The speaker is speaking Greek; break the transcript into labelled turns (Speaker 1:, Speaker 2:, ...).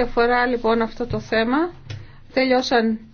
Speaker 1: αφορά λοιπόν αυτό το θέμα, τελειώσαν